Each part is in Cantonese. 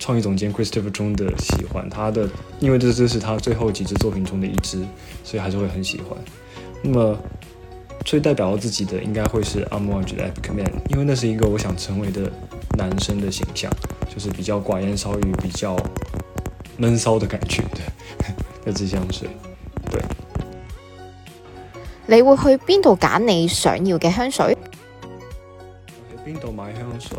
創意總監 Christopher Chong 的喜歡，他的因為這只是他最後幾支作品中的一支，所以還是會很喜歡。那麼最代表我自己的應該會是 Amouage Epic Man，因為那是一個我想成為的男生的形象，就是比較寡言少語、比較悶騷的感覺的。一 支香水，對。你會去邊度揀你想要的香水？去邊度買香水？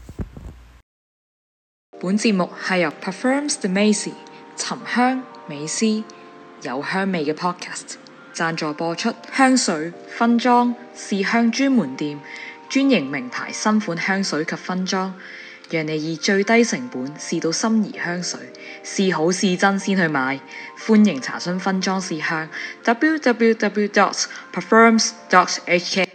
本節目係由 Perfumes De Macy 沉香美思有香味嘅 podcast 贊助播出，香水分裝試香專門店，專營名牌新款香水及分裝，讓你以最低成本試到心儀香水，試好試真先去買，歡迎查詢分裝試香，www.perfumes.hk。Www.